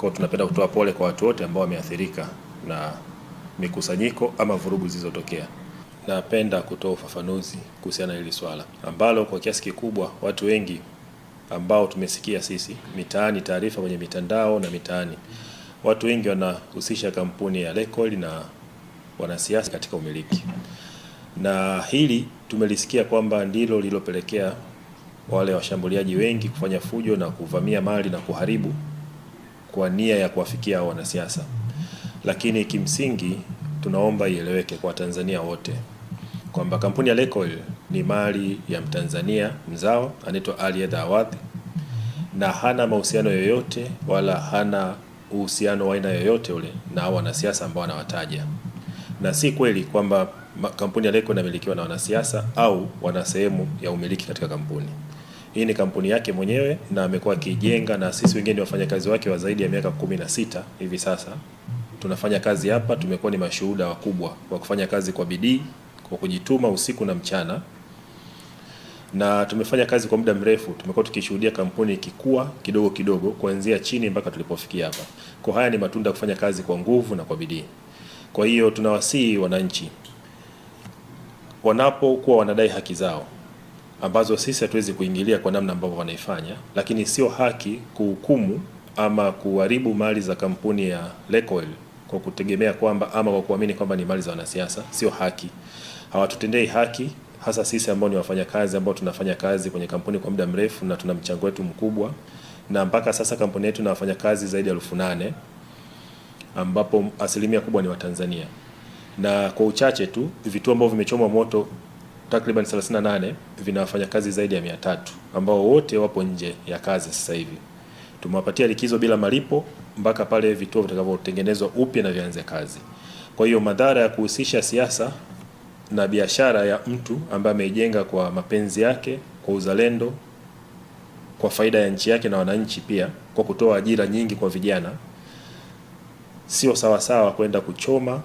Kwa tunapenda kutoa pole kwa watu wote ambao wameathirika na mikusanyiko ama vurugu zilizotokea. Napenda kutoa ufafanuzi kuhusiana na hili swala ambalo kwa kiasi kikubwa watu wengi ambao tumesikia sisi mitaani, taarifa kwenye mitandao na mitaani, watu wengi wanahusisha kampuni ya Lake na wanasiasa katika umiliki, na hili tumelisikia kwamba ndilo lililopelekea wale washambuliaji wengi kufanya fujo na kuvamia mali na kuharibu kwa nia ya kuwafikia hao wanasiasa, lakini kimsingi tunaomba ieleweke kwa Watanzania wote kwamba kampuni ya Lake Oil ni mali ya Mtanzania mzao anaitwa Ali Edha Awadhi na hana mahusiano yoyote wala hana uhusiano wa aina yoyote ule na hao wanasiasa ambao anawataja, na si kweli kwamba kampuni ya Lake Oil inamilikiwa na wanasiasa au wana sehemu ya umiliki katika kampuni. Hii ni kampuni yake mwenyewe na amekuwa akijenga, na sisi wengine ni wafanyakazi wake wa zaidi ya miaka kumi na sita hivi sasa. Tunafanya kazi hapa, tumekuwa ni mashuhuda wakubwa wa kufanya kazi kwa bidii, kwa kujituma usiku na mchana, na tumefanya kazi kwa muda mrefu. Tumekuwa tukishuhudia kampuni ikikua kidogo kidogo, kuanzia chini mpaka tulipofikia hapa. Kwa haya ni matunda ya kufanya kazi kwa nguvu na kwa bidii. Kwa hiyo tunawasihi wananchi wanapokuwa wanadai haki zao ambazo sisi hatuwezi kuingilia kwa namna ambavyo wanaifanya, lakini sio haki kuhukumu ama kuharibu mali za kampuni ya Lecoil kwa kutegemea kwamba ama kwa kuamini kwamba ni mali za wanasiasa. Sio haki, hawatutendei haki, hasa sisi ambao ni wafanyakazi ambao tunafanya kazi kwenye kampuni kwa muda mrefu na tuna mchango wetu mkubwa, na mpaka sasa kampuni yetu na wafanyakazi zaidi ya elfu nane ambapo asilimia kubwa ni Watanzania na kwa uchache tu vituo ambavyo vimechomwa moto takriban 38 vina kazi zaidi ya 300 ambao wote wapo nje ya kazi sasa hivi. Tumewapatia likizo bila malipo mpaka pale vituo vitakavyotengenezwa upya na vianze kazi. Kwa hiyo madhara ya kuhusisha siasa na biashara ya mtu ambaye ameijenga kwa mapenzi yake, kwa uzalendo, kwa faida ya nchi yake na wananchi pia, kwa kutoa ajira nyingi kwa vijana, sio sawasawa kwenda kuchoma